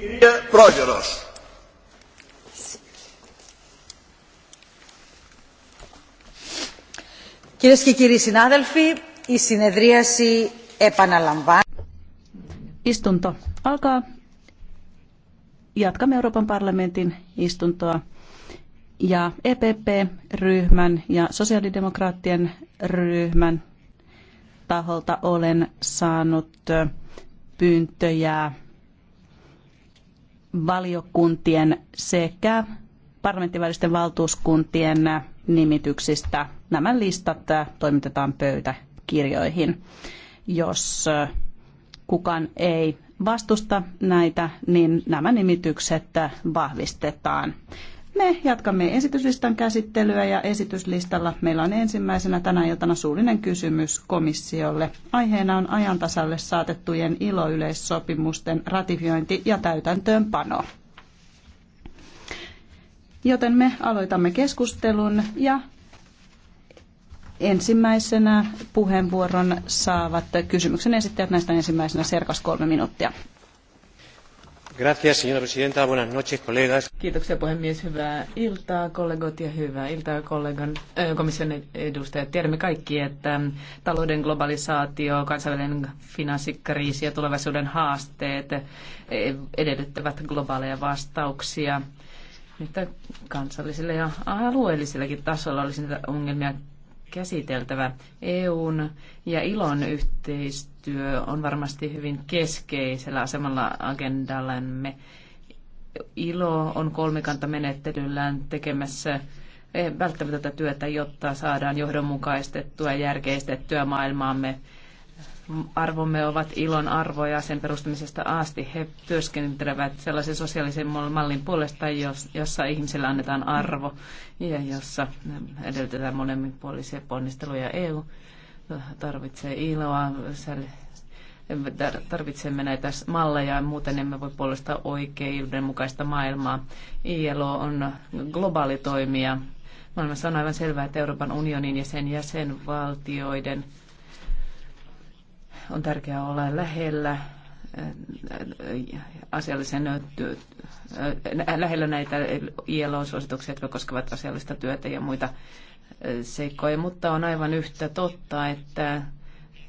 Κυρία Πρόγερος. Κυρίες και κύριοι συνάδελφοι, η συνεδρίαση επαναλαμβάνει. Ιστούντο alkaa. Jatkamme Euroopan parlamentin istuntoa ja EPP-ryhmän ja sosiaalidemokraattien ryhmän taholta olen saanut pyyntöjä valiokuntien sekä parlamenttivälisten valtuuskuntien nimityksistä. Nämä listat toimitetaan pöytäkirjoihin. Jos kukaan ei vastusta näitä, niin nämä nimitykset vahvistetaan. Me jatkamme esityslistan käsittelyä ja esityslistalla meillä on ensimmäisenä tänä iltana suullinen kysymys komissiolle. Aiheena on ajantasalle saatettujen iloyleissopimusten ratifiointi ja täytäntöönpano. Joten me aloitamme keskustelun ja ensimmäisenä puheenvuoron saavat kysymyksen esittäjät näistä ensimmäisenä Serkas kolme minuuttia señora presidenta. Buenas noches, colegas. Kiitoksia puhemies. Hyvää iltaa kollegot ja hyvää iltaa kollegan, äh, komission edustajat. Tiedämme kaikki, että talouden globalisaatio, kansainvälinen finanssikriisi ja tulevaisuuden haasteet eh, edellyttävät globaaleja vastauksia. Että kansallisille ja alueellisillekin tasolla olisi niitä ongelmia käsiteltävä. EUn ja ilon yhteistyö yhteistyö on varmasti hyvin keskeisellä asemalla agendallamme. ILO on kolmikantamenettelyllään tekemässä eh, välttämätöntä työtä, jotta saadaan johdonmukaistettua ja järkeistettyä maailmaamme. Arvomme ovat ilon arvoja sen perustamisesta asti. He työskentelevät sellaisen sosiaalisen mallin puolesta, jossa ihmisillä annetaan arvo ja jossa edellytetään molemminpuolisia ponnisteluja. EU tarvitsee iloa, tarvitsemme näitä malleja, muuten emme voi puolustaa oikeudenmukaista maailmaa. ILO on globaali toimija. Maailmassa on aivan selvää, että Euroopan unionin ja sen jäsenvaltioiden on tärkeää olla lähellä äh, asiallisen äh, äh, lähellä näitä ILO-suosituksia, jotka koskevat asiallista työtä ja muita seikkoja, mutta on aivan yhtä totta, että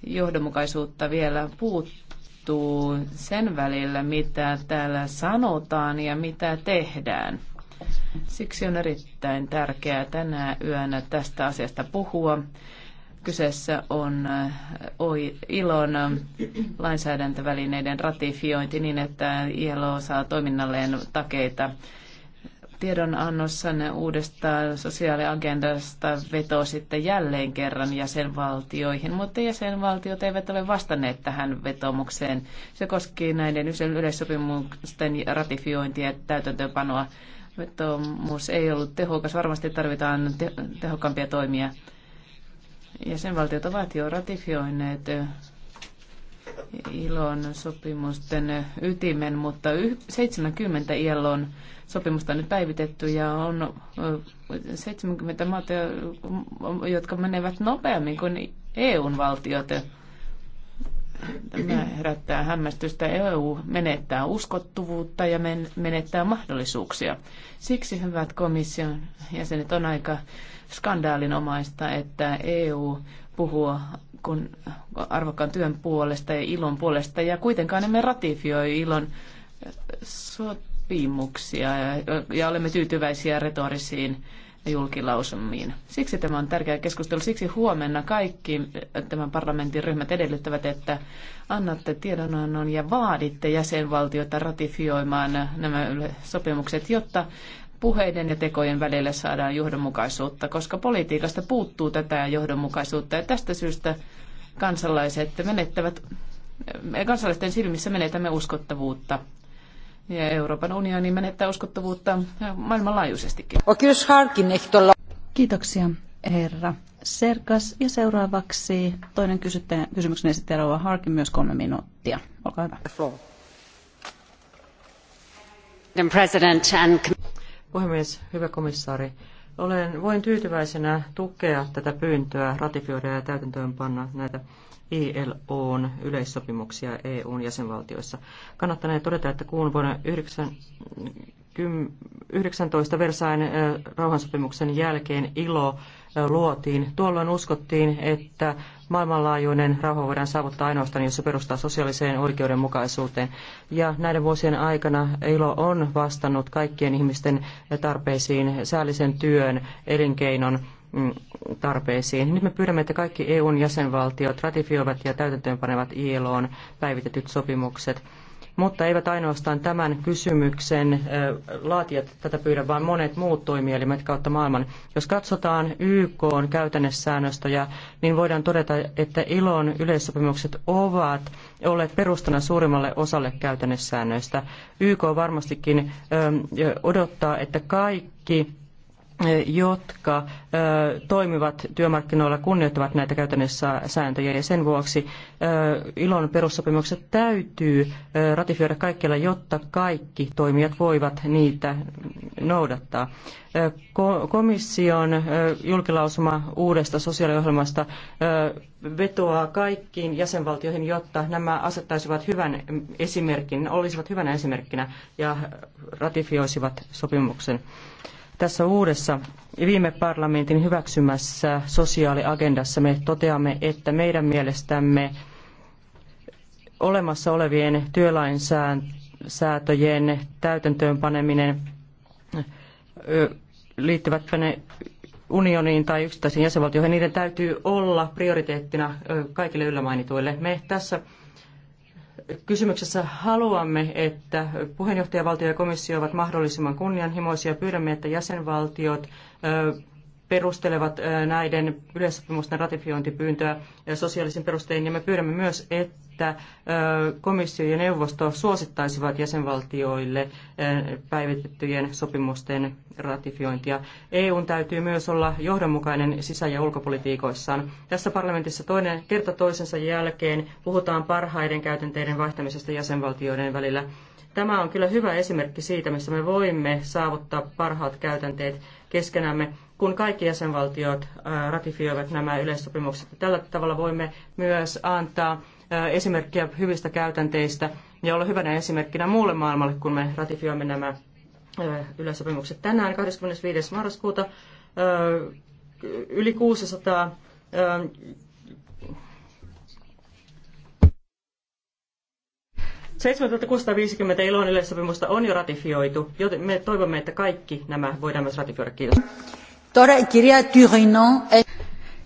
johdonmukaisuutta vielä puuttuu sen välillä, mitä täällä sanotaan ja mitä tehdään. Siksi on erittäin tärkeää tänä yönä tästä asiasta puhua. Kyseessä on äh, ILON lainsäädäntövälineiden ratifiointi niin, että ILO saa toiminnalleen takeita Tiedonannossanne uudesta sosiaaliagendasta vetositte jälleen kerran jäsenvaltioihin, mutta jäsenvaltiot eivät ole vastanneet tähän vetomukseen. Se koski näiden yleissopimusten ratifiointia ja täytäntöönpanoa. Vetomus ei ollut tehokas. Varmasti tarvitaan te- tehokkaampia toimia. Jäsenvaltiot ovat jo ratifioineet ilon sopimusten ytimen, mutta 70 ilon sopimusta on nyt päivitetty ja on 70 maata, jotka menevät nopeammin kuin EUn valtiot. Tämä herättää hämmästystä. EU menettää uskottuvuutta ja menettää mahdollisuuksia. Siksi, hyvät komission jäsenet, on aika skandaalinomaista, että EU puhuu kun arvokkaan työn puolesta ja ilon puolesta, ja kuitenkaan emme ratifioi ilon eh, sopimuksia ja olemme tyytyväisiä retorisiin julkilausumiin. Siksi tämä on tärkeä keskustelu. Siksi huomenna kaikki eh, tämän parlamentin ryhmät edellyttävät, että annatte tiedonannon ja vaaditte jäsenvaltiota ratifioimaan nämä sopimukset, jotta puheiden ja tekojen välille saadaan johdonmukaisuutta, koska politiikasta puuttuu tätä johdonmukaisuutta ja tästä syystä kansalaiset menettävät, eh, kansalaisten silmissä menetämme uskottavuutta. Ja Euroopan unioni menettää uskottavuutta maailmanlaajuisestikin. Kiitoksia, herra Serkas. Ja seuraavaksi toinen kysymyksen esittäjä Harkin myös kolme minuuttia. Olkaa hyvä. President and... Puhemies, hyvä komissaari. Olen, voin tyytyväisenä tukea tätä pyyntöä ratifioida ja täytäntöönpanna näitä ILOn yleissopimuksia EUn jäsenvaltioissa. Kannattanee todeta, että kuun vuonna 9, 19 Versain rauhansopimuksen jälkeen ilo luotiin. Tuolloin uskottiin, että maailmanlaajuinen rauha voidaan saavuttaa ainoastaan, jos se perustaa sosiaaliseen oikeudenmukaisuuteen. Ja näiden vuosien aikana ILO on vastannut kaikkien ihmisten tarpeisiin, säällisen työn, elinkeinon mm, tarpeisiin. Nyt me pyydämme, että kaikki EUn jäsenvaltiot ratifioivat ja täytäntöönpanevat ILOon päivitetyt sopimukset mutta eivät ainoastaan tämän kysymyksen laatijat tätä pyydä, vaan monet muut toimielimet kautta maailman. Jos katsotaan YK on niin voidaan todeta, että ILOn yleissopimukset ovat olleet perustana suurimmalle osalle käytännessäännöistä. YK varmastikin odottaa, että kaikki jotka toimivat työmarkkinoilla kunnioittavat näitä käytännössä sääntöjä ja sen vuoksi ilon perussopimukset täytyy ratifioida kaikkialla, jotta kaikki toimijat voivat niitä noudattaa. Komission julkilausuma uudesta sosiaaliohjelmasta vetoaa kaikkiin jäsenvaltioihin, jotta nämä asettaisivat hyvän esimerkin, olisivat hyvänä esimerkkinä ja ratifioisivat sopimuksen. Tässä uudessa viime parlamentin hyväksymässä sosiaaliagendassa me toteamme, että meidän mielestämme olemassa olevien työlainsäätöjen täytäntöönpaneminen liittyvätpä ne unioniin tai yksittäisiin jäsenvaltioihin, niiden täytyy olla prioriteettina kaikille mainituille. Me tässä kysymyksessä haluamme, että puheenjohtajavaltio ja komissio ovat mahdollisimman kunnianhimoisia. Pyydämme, että jäsenvaltiot perustelevat näiden yleissopimusten ratifiointipyyntöä sosiaalisin perustein, ja me pyydämme myös, että että komissio ja neuvosto suosittaisivat jäsenvaltioille päivitettyjen sopimusten ratifiointia. EUn täytyy myös olla johdonmukainen sisä- ja ulkopolitiikoissaan. Tässä parlamentissa toinen kerta toisensa jälkeen puhutaan parhaiden käytänteiden vaihtamisesta jäsenvaltioiden välillä. Tämä on kyllä hyvä esimerkki siitä, missä me voimme saavuttaa parhaat käytänteet keskenämme, kun kaikki jäsenvaltiot ratifioivat nämä yleissopimukset. Tällä tavalla voimme myös antaa esimerkkiä hyvistä käytänteistä ja olla hyvänä esimerkkinä muulle maailmalle, kun me ratifioimme nämä yleissopimukset. Tänään 25. marraskuuta yli 600 7650 ilon yleissopimusta on jo ratifioitu, joten me toivomme, että kaikki nämä voidaan myös ratifioida. Kiitos. Tora, kirja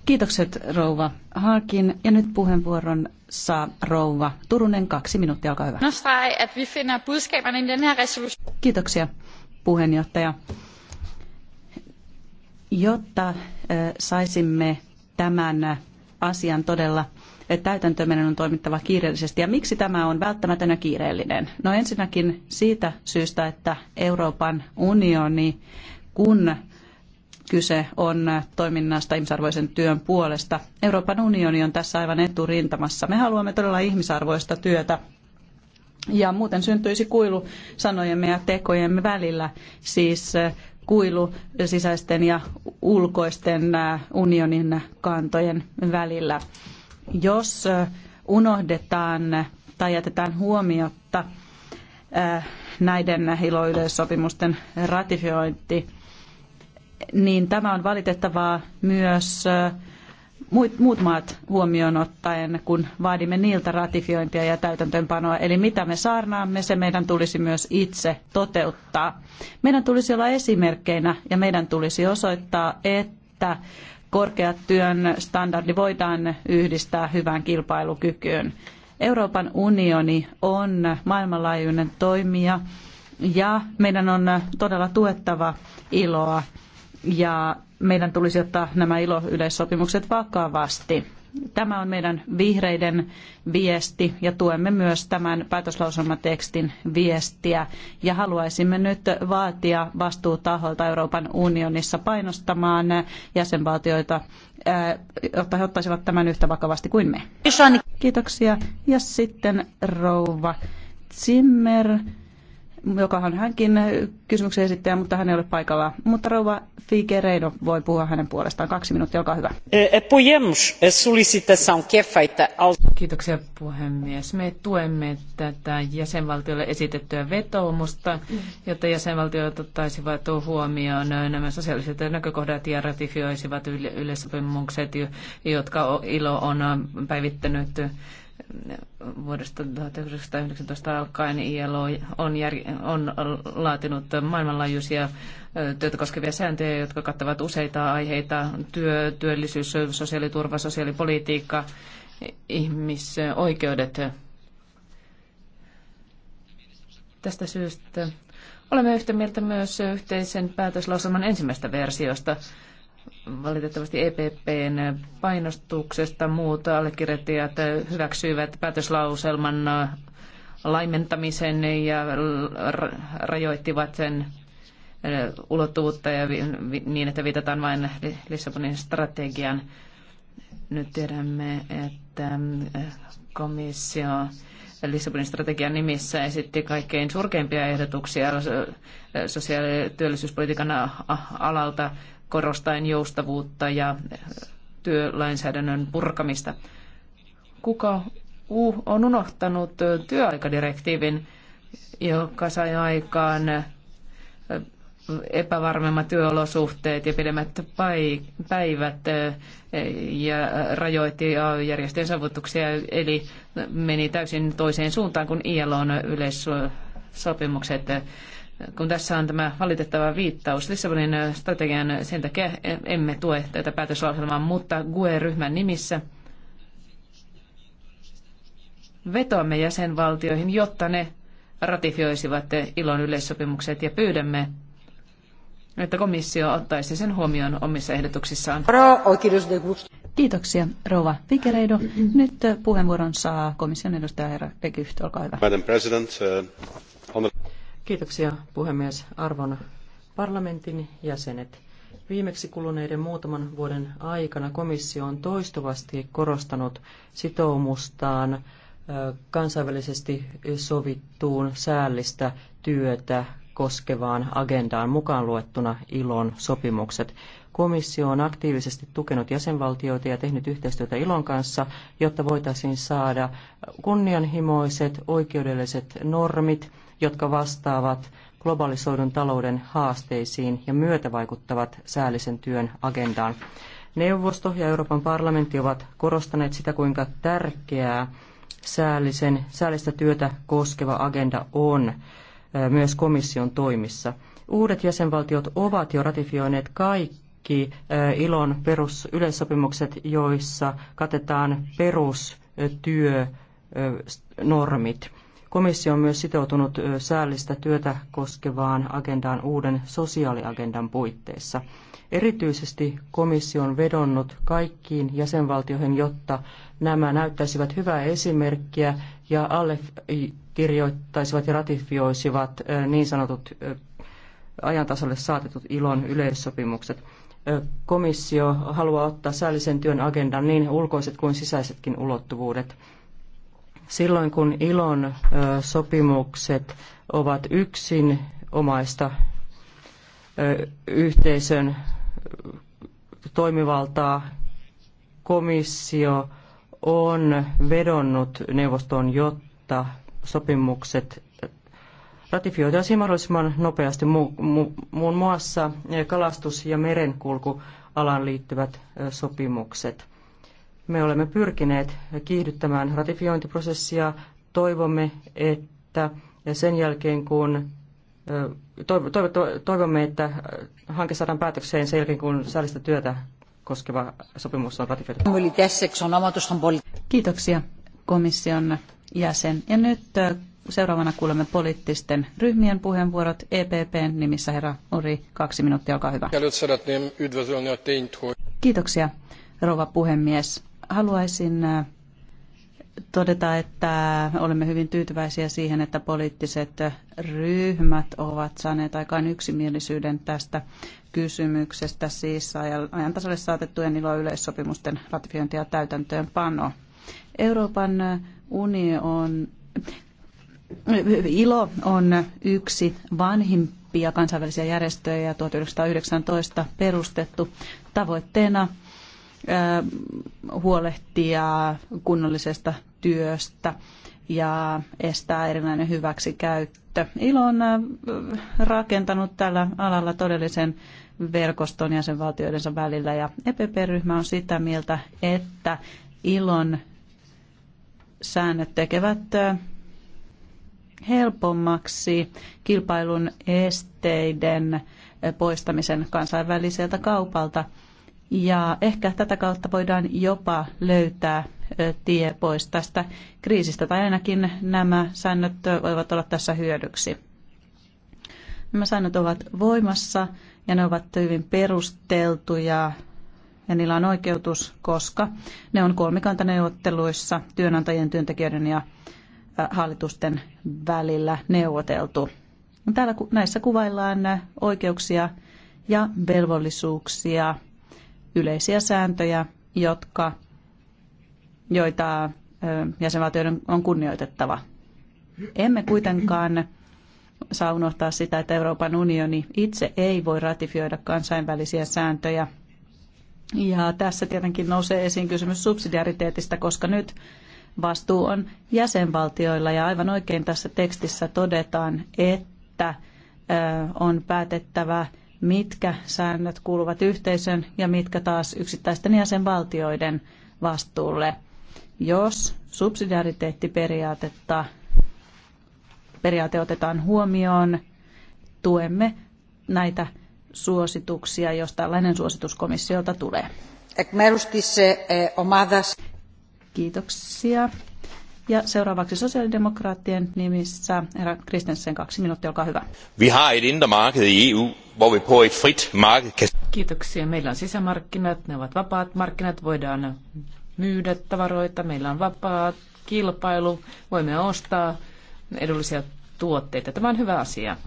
Kiitokset rouva Harkin. Ja nyt puheenvuoron saa rouva Turunen. Kaksi minuuttia, olkaa hyvä. Kiitoksia puheenjohtaja. Jotta saisimme tämän asian todella täytäntöön on toimittava kiireellisesti. Ja miksi tämä on välttämätön ja kiireellinen? No ensinnäkin siitä syystä, että Euroopan unioni, kun kyse on toiminnasta ihmisarvoisen työn puolesta. Euroopan unioni on tässä aivan eturintamassa. Me haluamme todella ihmisarvoista työtä ja muuten syntyisi kuilu sanojemme ja tekojemme välillä, siis äh, kuilu sisäisten ja ulkoisten äh, unionin kantojen välillä. Jos äh, unohdetaan tai jätetään huomiotta näiden iloyleissopimusten ratifiointi, niin tämä on valitettavaa myös äh, muut, muut maat huomioon ottaen, kun vaadimme niiltä ratifiointia ja täytäntöönpanoa. Eli mitä me saarnaamme, se meidän tulisi myös itse toteuttaa. Meidän tulisi olla esimerkkeinä ja meidän tulisi osoittaa, että korkeat työn standardi voidaan yhdistää hyvään kilpailukykyyn. Euroopan unioni on maailmanlaajuinen toimija ja meidän on todella tuettava iloa ja meidän tulisi ottaa nämä ILO-yleissopimukset vakavasti. Tämä on meidän vihreiden viesti ja tuemme myös tämän päätöslauselmatekstin viestiä. Ja haluaisimme nyt vaatia vastuutaholta Euroopan unionissa painostamaan jäsenvaltioita, äh, jotta he ottaisivat tämän yhtä vakavasti kuin me. Kiitoksia. Ja sitten rouva Zimmer jokahan hänkin kysymyksen esittäjä, mutta hän ei ole paikalla. Mutta rouva Figueiredo voi puhua hänen puolestaan. Kaksi minuuttia, olkaa hyvä. E, e, e Kiitoksia puhemies. Me tuemme tätä jäsenvaltiolle esitettyä vetoomusta, jotta jäsenvaltiot ottaisivat huomioon nämä sosiaaliset näkökohdat ja ratifioisivat yleissopimukset, jotka ILO on päivittänyt Vuodesta 1919 alkaen ILO on, jär, on laatinut maailmanlaajuisia työtä koskevia sääntöjä, jotka kattavat useita aiheita, työ, työllisyys, sosiaaliturva, sosiaalipolitiikka, ihmisoikeudet. Tästä syystä olemme yhtä mieltä myös yhteisen päätöslauselman ensimmäistä versiosta valitettavasti EPPn painostuksesta muut allekirjoittajat hyväksyivät päätöslauselman laimentamisen ja rajoittivat sen ulottuvuutta ja niin, että viitataan vain Lissabonin strategian. Nyt tiedämme, että komissio Lissabonin strategian nimissä esitti kaikkein surkeimpia ehdotuksia sosiaali- ja työllisyyspolitiikan alalta korostaen joustavuutta ja eh, työlainsäädännön purkamista. Kuka on unohtanut eh, työaikadirektiivin, joka sai aikaan eh, epävarmemmat työolosuhteet ja pidemmät päivät ja rajoitti järjestöjen saavutuksia, eli meni täysin toiseen suuntaan kuin ILOn yleissopimukset kun tässä on tämä valitettava viittaus Lissabonin strategian, sen takia emme tue tätä päätöslauselmaa, mutta GUE-ryhmän nimissä vetoamme jäsenvaltioihin, jotta ne ratifioisivat ilon yleissopimukset ja pyydämme, että komissio ottaisi sen huomioon omissa ehdotuksissaan. Kiitoksia, Rova Fikereido. Nyt puheenvuoron saa komission edustaja herra Pekyht, olkaa hyvä. Madam President, uh, Kiitoksia puhemies Arvon parlamentin jäsenet. Viimeksi kuluneiden muutaman vuoden aikana komissio on toistuvasti korostanut sitoumustaan kansainvälisesti sovittuun säällistä työtä koskevaan agendaan mukaan luettuna ILON sopimukset. Komissio on aktiivisesti tukenut jäsenvaltioita ja tehnyt yhteistyötä ILON kanssa, jotta voitaisiin saada kunnianhimoiset oikeudelliset normit – jotka vastaavat globalisoidun talouden haasteisiin ja myötävaikuttavat säällisen työn agendaan. Neuvosto ja Euroopan parlamentti ovat korostaneet sitä, kuinka tärkeää säällisen, säällistä työtä koskeva agenda on myös komission toimissa. Uudet jäsenvaltiot ovat jo ratifioineet kaikki ilon perusyleissopimukset, joissa katetaan perustyönormit. Komissio on myös sitoutunut säällistä työtä koskevaan agendaan uuden sosiaaliagendan puitteissa. Erityisesti komissio on vedonnut kaikkiin jäsenvaltioihin, jotta nämä näyttäisivät hyvää esimerkkiä ja allekirjoittaisivat ja ratifioisivat niin sanotut ajantasalle saatetut ilon yleissopimukset. Komissio haluaa ottaa säällisen työn agendan niin ulkoiset kuin sisäisetkin ulottuvuudet silloin kun ilon sopimukset ovat yksin omaista yhteisön toimivaltaa, komissio on vedonnut neuvostoon, jotta sopimukset ratifioitaisiin mahdollisimman nopeasti muun muassa kalastus- ja merenkulkualan liittyvät sopimukset. Me olemme pyrkineet kiihdyttämään ratifiointiprosessia. Toivomme, että sen jälkeen kun toivomme, että hanke saadaan päätökseen sen jälkeen, kun säällistä työtä koskeva sopimus on ratifioitu. Kiitoksia komission jäsen. Ja nyt seuraavana kuulemme poliittisten ryhmien puheenvuorot. EPPn nimissä herra Ori, kaksi minuuttia, olkaa hyvä. Kiitoksia, rouva puhemies haluaisin äh, todeta, että olemme hyvin tyytyväisiä siihen, että poliittiset ryhmät ovat saaneet aikaan yksimielisyyden tästä kysymyksestä, siis ajan tasalle saatettujen ilo yleissopimusten ratifiointi ja täytäntöönpano. Euroopan uni on, ilo on yksi vanhimpia kansainvälisiä järjestöjä 1919 perustettu tavoitteena huolehtia kunnollisesta työstä ja estää erilainen hyväksikäyttö. ILO on rakentanut tällä alalla todellisen verkoston jäsenvaltioidensa välillä ja EPP-ryhmä on sitä mieltä, että ILON säännöt tekevät helpommaksi kilpailun esteiden poistamisen kansainväliseltä kaupalta – ja ehkä tätä kautta voidaan jopa löytää tie pois tästä kriisistä, tai ainakin nämä säännöt voivat olla tässä hyödyksi. Nämä säännöt ovat voimassa ja ne ovat hyvin perusteltuja ja niillä on oikeutus, koska ne on kolmikantaneuvotteluissa työnantajien, työntekijöiden ja hallitusten välillä neuvoteltu. Täällä näissä kuvaillaan oikeuksia ja velvollisuuksia yleisiä sääntöjä, jotka, joita jäsenvaltioiden on kunnioitettava. Emme kuitenkaan saa unohtaa sitä, että Euroopan unioni itse ei voi ratifioida kansainvälisiä sääntöjä. Ja tässä tietenkin nousee esiin kysymys subsidiariteetista, koska nyt vastuu on jäsenvaltioilla ja aivan oikein tässä tekstissä todetaan, että on päätettävä mitkä säännöt kuuluvat yhteisön ja mitkä taas yksittäisten jäsenvaltioiden vastuulle. Jos subsidiariteettiperiaatetta periaate otetaan huomioon, tuemme näitä suosituksia, jos tällainen suositus komissiolta tulee. Kiitoksia. Ja seuraavaksi sosiaalidemokraattien nimissä herra Kristensen kaksi minuuttia, olkaa hyvä. Vi har et indre marked i EU, hvor vi på et frit marked kan... Kiitoksia. Meillä on sisämarkkinat, ne ovat vapaat markkinat, voidaan myydä tavaroita, meillä on vapaa kilpailu, voimme ostaa edullisia tuotteita. Tämä on hyvä asia.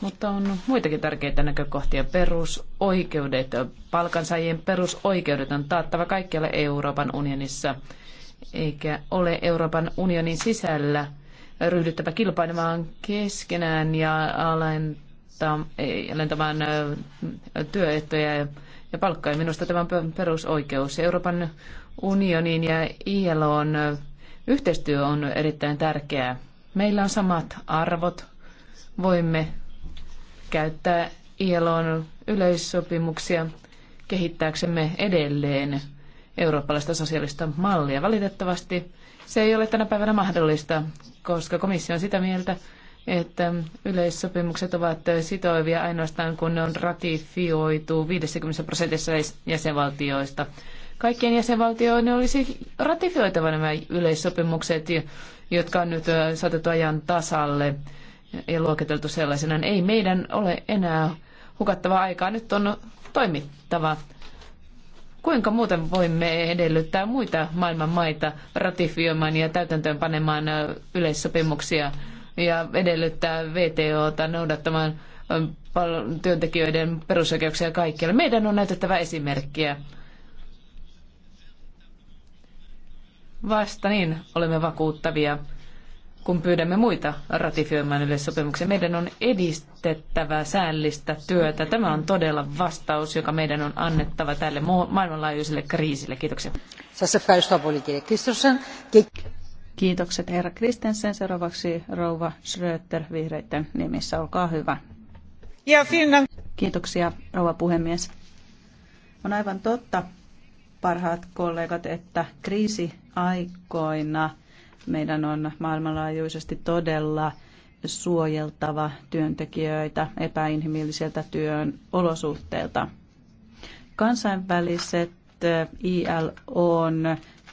Mutta on muitakin tärkeitä näkökohtia. Perusoikeudet, palkansaajien perusoikeudet on taattava kaikkialla Euroopan unionissa – eikä ole Euroopan unionin sisällä ryhdyttävä kilpailemaan keskenään ja alentamaan työehtoja ja palkkaa. Minusta tämä on perusoikeus. Euroopan unionin ja ILOn yhteistyö on erittäin tärkeää. Meillä on samat arvot. Voimme käyttää ILOn yleissopimuksia kehittääksemme edelleen eurooppalaista sosiaalista mallia. Valitettavasti se ei ole tänä päivänä mahdollista, koska komissio on sitä mieltä, että yleissopimukset ovat sitoivia ainoastaan, kun ne on ratifioitu 50 prosentissa jäsenvaltioista. Kaikkien jäsenvaltioiden olisi ratifioitava nämä yleissopimukset, jotka on nyt äh, saatettu ajan tasalle ja luokiteltu sellaisena. Ei meidän ole enää hukattava aikaa, nyt on toimittava. Kuinka muuten voimme edellyttää muita maailman maita ratifioimaan ja täytäntöön panemaan yleissopimuksia ja edellyttää VTOta noudattamaan työntekijöiden perusoikeuksia kaikkialla. Meidän on näytettävä esimerkkiä. Vasta niin olemme vakuuttavia kun pyydämme muita ratifioimaan yleissopimuksen. Meidän on edistettävä säällistä työtä. Tämä on todella vastaus, joka meidän on annettava tälle maailmanlaajuiselle kriisille. Kiitoksia. Kiitokset herra Kristensen. Seuraavaksi rouva Schröter vihreiden nimissä. Olkaa hyvä. Ja Finland. Kiitoksia rouva puhemies. On aivan totta, parhaat kollegat, että kriisiaikoina – meidän on maailmanlaajuisesti todella suojeltava työntekijöitä epäinhimilliseltä työn olosuhteilta. Kansainväliset eh, on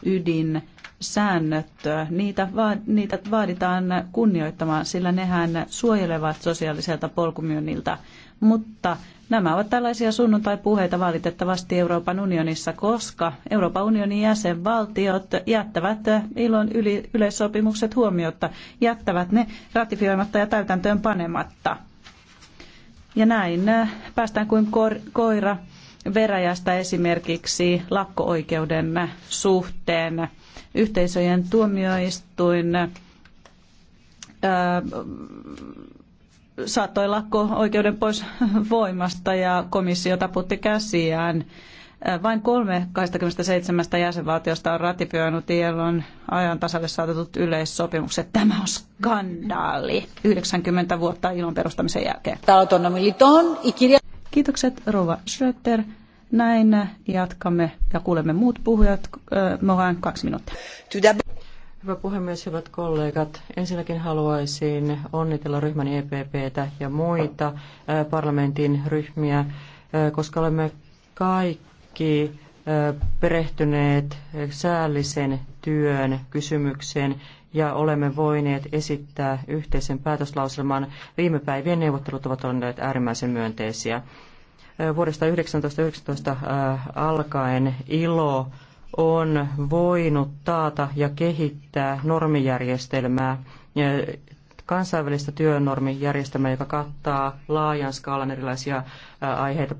ydin säännöt, eh, niitä, va- niitä vaaditaan kunnioittamaan, sillä nehän suojelevat sosiaaliselta polkumyynniltä mutta nämä ovat tällaisia sunnuntai-puheita valitettavasti Euroopan unionissa, koska Euroopan unionin jäsenvaltiot jättävät ilon yleissopimukset huomiotta, jättävät ne ratifioimatta ja täytäntöön panematta. Ja näin äh, päästään kuin koira veräjästä esimerkiksi lakkooikeuden suhteen. Yhteisöjen tuomioistuin äh, saattoi lakko oikeuden pois voimasta ja komissio taputti käsiään. Vain kolme 27 jäsenvaltiosta on ratifioinut ILOn ajan tasalle saatetut yleissopimukset. Tämä on skandaali 90 vuotta ilon perustamisen jälkeen. Kiitokset Rova Schröter. Näin jatkamme ja kuulemme muut puhujat. Äh, Moran kaksi minuuttia. Hyvä puhemies, hyvät kollegat. Ensinnäkin haluaisin onnitella ryhmän EPPtä ja muita parlamentin ryhmiä, koska olemme kaikki perehtyneet säällisen työn kysymykseen ja olemme voineet esittää yhteisen päätöslauselman. Viime päivien neuvottelut ovat olleet äärimmäisen myönteisiä. Vuodesta 1919 alkaen ILO on voinut taata ja kehittää normijärjestelmää, kansainvälistä työnormijärjestelmää, joka kattaa laajan skaalan erilaisia aiheita,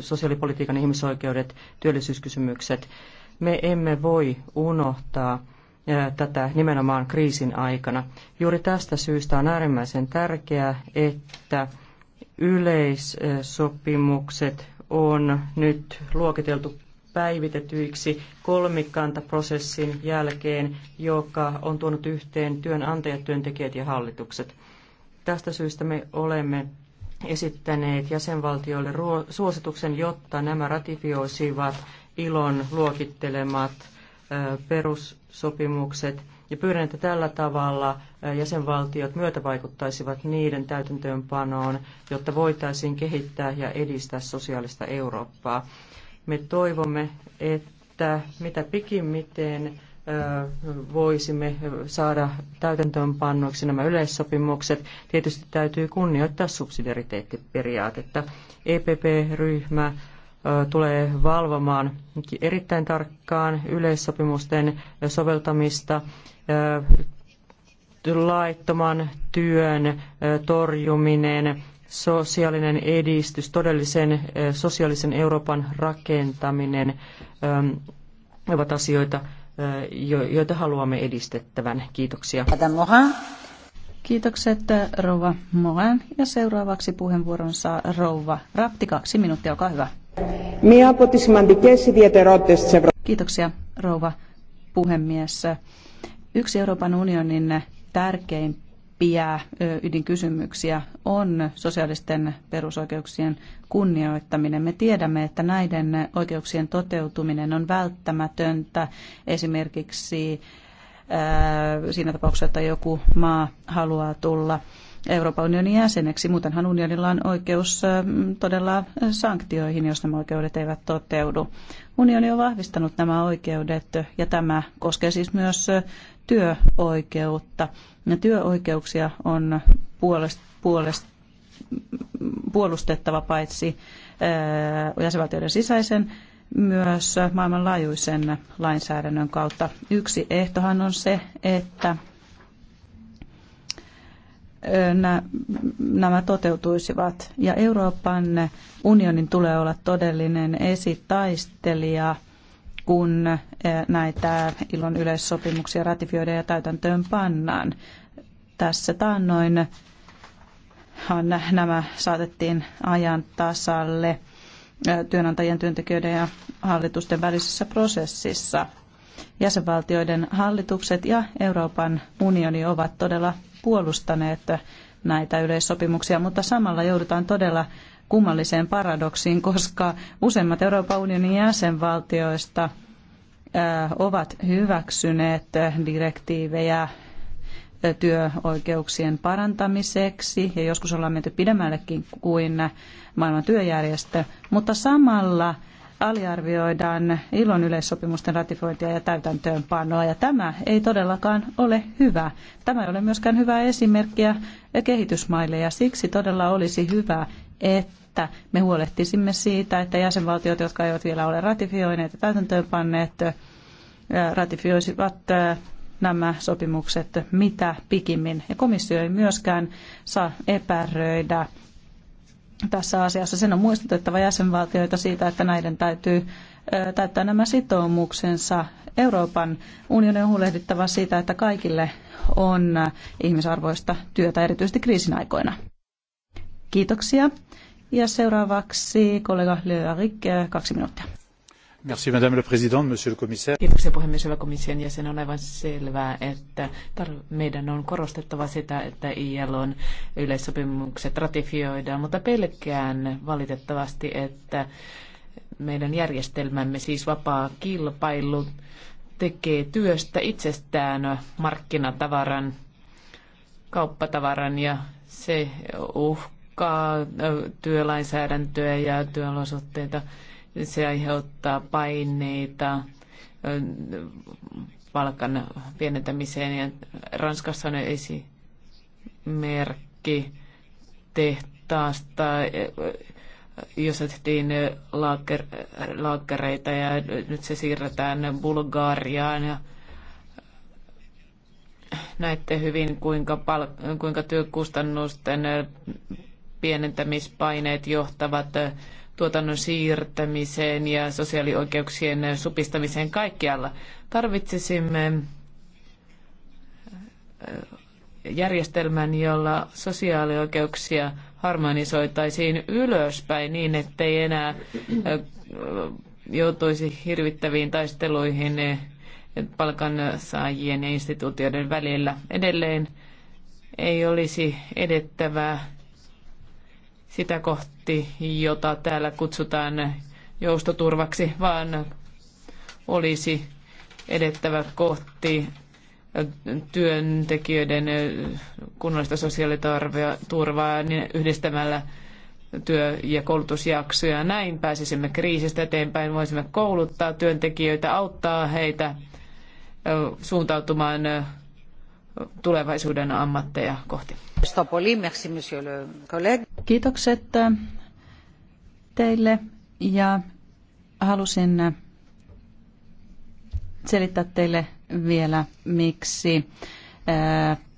sosiaalipolitiikan ihmisoikeudet, työllisyyskysymykset. Me emme voi unohtaa tätä nimenomaan kriisin aikana. Juuri tästä syystä on äärimmäisen tärkeää, että yleissopimukset on nyt luokiteltu päivitetyiksi kolmikantaprosessin jälkeen, joka on tuonut yhteen työnantajat, työntekijät ja hallitukset. Tästä syystä me olemme esittäneet jäsenvaltioille suosituksen, jotta nämä ratifioisivat ilon luokittelemat perussopimukset ja pyydän, että tällä tavalla jäsenvaltiot myötävaikuttaisivat niiden täytäntöönpanoon, jotta voitaisiin kehittää ja edistää sosiaalista Eurooppaa. Me toivomme, että mitä pikimmiten voisimme saada täytäntöönpannoiksi nämä yleissopimukset. Tietysti täytyy kunnioittaa subsidiariteettiperiaatetta. EPP-ryhmä tulee valvomaan erittäin tarkkaan yleissopimusten soveltamista, laittoman työn torjuminen, sosiaalinen edistys, todellisen eh, sosiaalisen Euroopan rakentaminen ehm, ovat asioita, eh, joita haluamme edistettävän. Kiitoksia. Kiitokset eh, rouva Mohan ja seuraavaksi puheenvuoron saa rouva Rapti. Kaksi minuuttia, olkaa hyvä. Kiitoksia rouva puhemies. Yksi Euroopan unionin tärkeimpiä tärkeimpiä ydinkysymyksiä on sosiaalisten perusoikeuksien kunnioittaminen. Me tiedämme, että näiden oikeuksien toteutuminen on välttämätöntä esimerkiksi siinä tapauksessa, että joku maa haluaa tulla Euroopan unionin jäseneksi. Muutenhan unionilla on oikeus todella sanktioihin, jos nämä oikeudet eivät toteudu. Unioni on vahvistanut nämä oikeudet ja tämä koskee siis myös työoikeutta. Ja työoikeuksia on puolest, puolest, puolustettava paitsi jäsenvaltioiden sisäisen myös maailmanlaajuisen lainsäädännön kautta. Yksi ehtohan on se, että nämä toteutuisivat. Ja Euroopan unionin tulee olla todellinen esitaistelija – kun eh, näitä ilon yleissopimuksia ratifioidaan ja täytäntöön pannaan. Tässä taannoin nämä saatettiin ajan tasalle eh, työnantajien, työntekijöiden ja hallitusten välisessä prosessissa. Jäsenvaltioiden hallitukset ja Euroopan unioni ovat todella puolustaneet näitä yleissopimuksia, mutta samalla joudutaan todella kummalliseen paradoksiin, koska useimmat Euroopan unionin jäsenvaltioista ovat hyväksyneet direktiivejä työoikeuksien parantamiseksi ja joskus ollaan menty pidemmällekin kuin maailman työjärjestö, mutta samalla aliarvioidaan ilon yleissopimusten ratifointia ja täytäntöönpanoa ja tämä ei todellakaan ole hyvä. Tämä ei ole myöskään hyvä esimerkkiä kehitysmaille ja siksi todella olisi hyvä, että että me huolehtisimme siitä, että jäsenvaltiot, jotka eivät vielä ole ratifioineet ja täytäntöönpanneet, ratifioisivat nämä sopimukset mitä pikimmin. Ja komissio ei myöskään saa epäröidä tässä asiassa. Sen on muistutettava jäsenvaltioita siitä, että näiden täytyy täyttää nämä sitoumuksensa. Euroopan unionin on huolehdittava siitä, että kaikille on ihmisarvoista työtä, erityisesti kriisin aikoina. Kiitoksia. Ja seuraavaksi kollega Le kaksi minuuttia. Merci madame la présidente, monsieur le commissaire. Kiitoksia puhemies, hyvä komission jäsen. On aivan selvää, että meidän on korostettava sitä, että ILOn yleissopimukset ratifioidaan, mutta pelkään valitettavasti, että meidän järjestelmämme, siis vapaa kilpailu, tekee työstä itsestään markkinatavaran, kauppatavaran ja se uhkaa loukkaa työlainsäädäntöä ja työolosuhteita. Se aiheuttaa paineita palkan pienentämiseen. Ja Ranskassa on esimerkki tehtaasta, e, jossa tehtiin laaker, ja nyt se siirretään Bulgariaan. Ja näette hyvin, kuinka, pal- kuinka työkustannusten pienentämispaineet johtavat tuotannon siirtämiseen ja sosiaalioikeuksien supistamiseen kaikkialla. Tarvitsisimme järjestelmän, jolla sosiaalioikeuksia harmonisoitaisiin ylöspäin niin, ettei enää joutuisi hirvittäviin taisteluihin palkansaajien ja instituutioiden välillä. Edelleen ei olisi edettävää sitä kohti, jota täällä kutsutaan joustoturvaksi, vaan olisi edettävä kohti työntekijöiden kunnallista sosiaaliturvaa niin yhdistämällä työ- ja koulutusjaksoja. Näin pääsisimme kriisistä eteenpäin, voisimme kouluttaa työntekijöitä, auttaa heitä suuntautumaan tulevaisuuden ammatteja kohti. Kiitokset teille ja halusin selittää teille vielä, miksi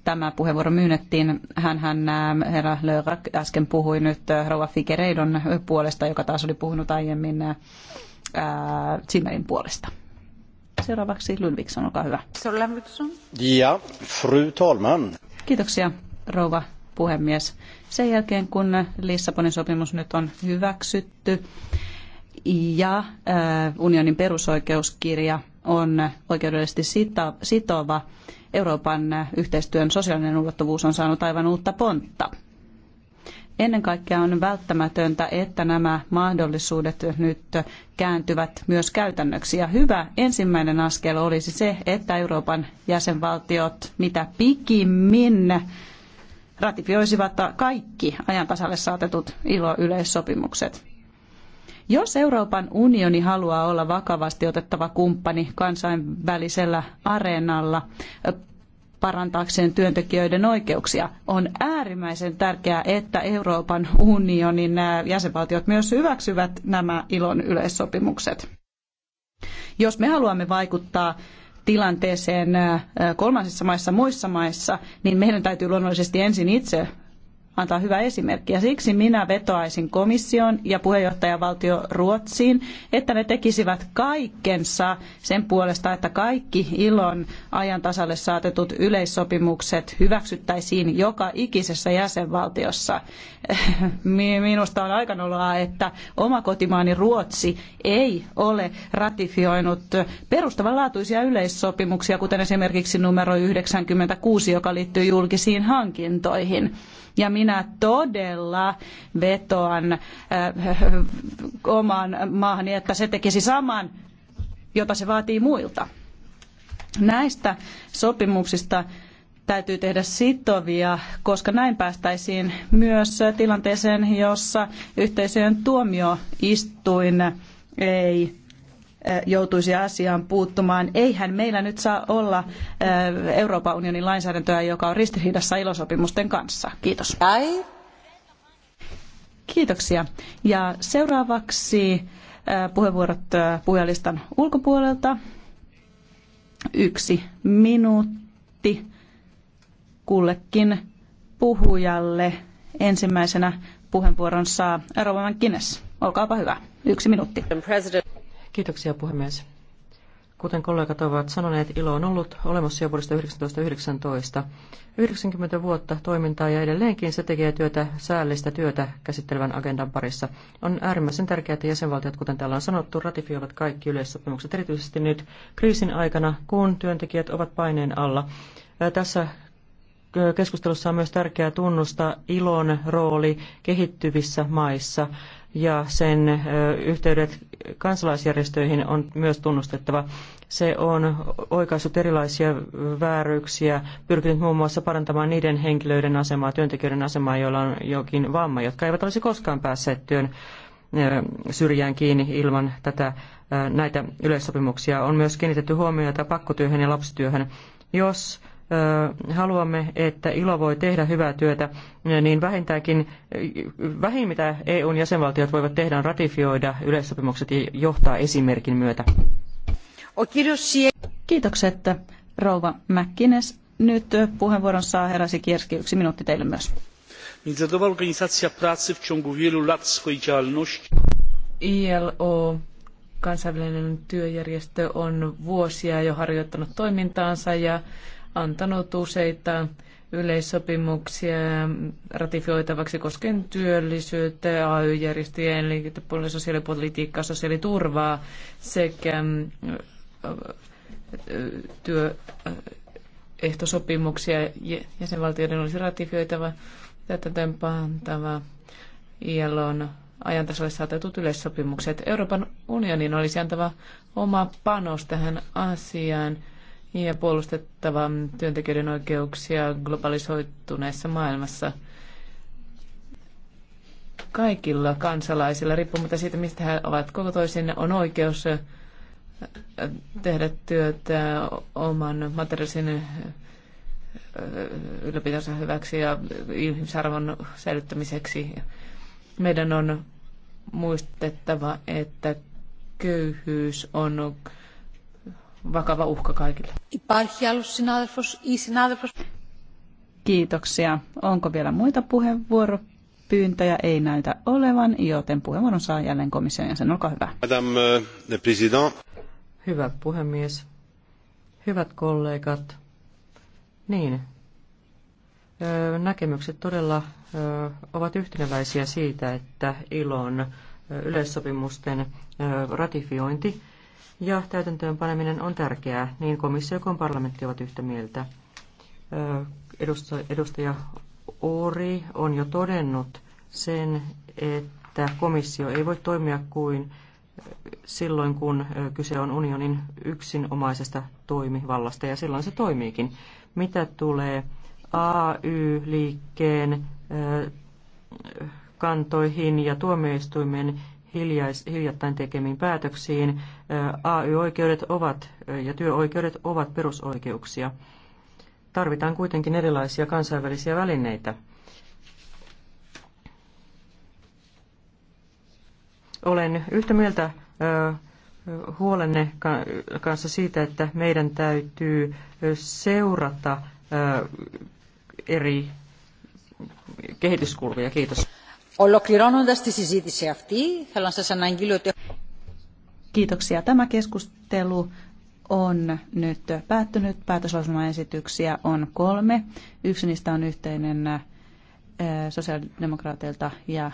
tämä puheenvuoro myynnettiin. Hän, herra Lörak, äsken puhui nyt rouva Fikereidon puolesta, joka taas oli puhunut aiemmin Zimmerin puolesta. Seuraavaksi Ludvigsson, olkaa hyvä. Ja, fru talman. Kiitoksia, rouva puhemies. Sen jälkeen, kun Lissabonin sopimus nyt on hyväksytty ja äh, unionin perusoikeuskirja on oikeudellisesti sitova, Euroopan yhteistyön sosiaalinen ulottuvuus on saanut aivan uutta pontta. Ennen kaikkea on välttämätöntä, että nämä mahdollisuudet nyt kääntyvät myös käytännöksi. Ja hyvä ensimmäinen askel olisi se, että Euroopan jäsenvaltiot mitä pikimmin ratifioisivat kaikki ajan tasalle saatetut ILO-yleissopimukset. Jos Euroopan unioni haluaa olla vakavasti otettava kumppani kansainvälisellä areenalla, parantaakseen työntekijöiden oikeuksia. On äärimmäisen tärkeää, että Euroopan unionin jäsenvaltiot myös hyväksyvät nämä ilon yleissopimukset. Jos me haluamme vaikuttaa tilanteeseen kolmansissa maissa, muissa maissa, niin meidän täytyy luonnollisesti ensin itse antaa hyvä esimerkki. Ja siksi minä vetoaisin komission ja puheenjohtajavaltio Ruotsiin, että ne tekisivät kaikkensa sen puolesta, että kaikki ilon ajan tasalle saatetut yleissopimukset hyväksyttäisiin joka ikisessä jäsenvaltiossa. Minusta on aika noloa, että oma kotimaani Ruotsi ei ole ratifioinut perustavanlaatuisia yleissopimuksia, kuten esimerkiksi numero 96, joka liittyy julkisiin hankintoihin. Ja minä todella vetoan äh, omaan maahani, että se tekisi saman, jota se vaatii muilta. Näistä sopimuksista täytyy tehdä sitovia, koska näin päästäisiin myös tilanteeseen, jossa yhteisöjen tuomioistuin ei joutuisi asiaan puuttumaan. Eihän meillä nyt saa olla Euroopan unionin lainsäädäntöä, joka on ristiriidassa ilosopimusten kanssa. Kiitos. Kiitoksia. Ja seuraavaksi puheenvuorot puhujalistan ulkopuolelta. Yksi minuutti kullekin puhujalle. Ensimmäisenä puheenvuoron saa Rovan Kines. Olkaapa hyvä. Yksi minuutti. President. Kiitoksia puhemies. Kuten kollegat ovat sanoneet, ilo on ollut olemassa jo vuodesta 1919. 90 vuotta toimintaa ja edelleenkin se tekee työtä säällistä työtä käsittelevän agendan parissa. On äärimmäisen tärkeää, että jäsenvaltiot, kuten täällä on sanottu, ratifioivat kaikki yleissopimukset, erityisesti nyt kriisin aikana, kun työntekijät ovat paineen alla. Tässä keskustelussa on myös tärkeää tunnustaa ilon rooli kehittyvissä maissa ja sen yhteydet kansalaisjärjestöihin on myös tunnustettava. Se on oikaissut erilaisia vääryyksiä, pyrkinyt muun muassa parantamaan niiden henkilöiden asemaa, työntekijöiden asemaa, joilla on jokin vamma, jotka eivät olisi koskaan päässeet työn syrjään kiinni ilman tätä, näitä yleissopimuksia. On myös kiinnitetty huomiota pakkotyöhön ja lapsityöhön. Jos haluamme, että ILO voi tehdä hyvää työtä, niin vähintäänkin vähin mitä EUn jäsenvaltiot voivat tehdä on ratifioida yleissopimukset ja johtaa esimerkin myötä. Kiitokset rouva Mäkkines. Nyt puheenvuoron saa herra Sikierski, yksi minuutti teille myös. Międzynarodowa Organizacja Pracy w ciągu wielu lat swojej działalności ILO kansainvälinen työjärjestö on vuosia jo harjoittanut toimintaansa ja antanut useita yleissopimuksia ratifioitavaksi koskien työllisyyttä, AY-järjestöjen liikepuolen sosiaalipolitiikkaa, sosiaaliturvaa sekä mm, työehtosopimuksia jäsenvaltioiden olisi ratifioitava tätä pantava ILOn ajantasolle saatetut yleissopimukset. Euroopan unionin olisi antava oma panos tähän asiaan ja puolustettava työntekijöiden oikeuksia globalisoituneessa maailmassa. Kaikilla kansalaisilla, riippumatta siitä, mistä he ovat koko toisin, on oikeus äh, tehdä työtä oman materiaalisen äh, ylläpitonsa hyväksi ja ihmisarvon säilyttämiseksi. Meidän on muistettava, että köyhyys on vakava uhka kaikille. Kiitoksia. Onko vielä muita puheenvuoropyyntöjä? Ei näytä olevan, joten puheenvuoron saa jälleen komission jäsen. Olkaa hyvä. Madame le président. Hyvä puhemies. Hyvät kollegat. Niin. Näkemykset todella ovat yhteneväisiä siitä, että ilon yleissopimusten ratifiointi ja täytäntöönpaneminen on tärkeää, niin komissio kuin parlamentti ovat yhtä mieltä. Edustaja Ori on jo todennut sen, että komissio ei voi toimia kuin silloin, kun kyse on unionin yksinomaisesta toimivallasta, ja silloin se toimiikin. Mitä tulee AY-liikkeen kantoihin ja tuomioistuimen hiljais, hiljattain tekemiin päätöksiin. AY-oikeudet ovat ja työoikeudet ovat perusoikeuksia. Tarvitaan kuitenkin erilaisia kansainvälisiä välineitä. Olen yhtä mieltä huolenne kanssa siitä, että meidän täytyy seurata eri kehityskulvia. Kiitos. Ολοκληρώνοντας τη συζήτηση αυτή, θέλω να σας αναγγείλω ότι... Kiitoksia. Tämä keskustelu on nyt päättynyt. Päätöslausumaesityksiä on kolme. Yksi niistä on yhteinen sosiaalidemokraateilta ja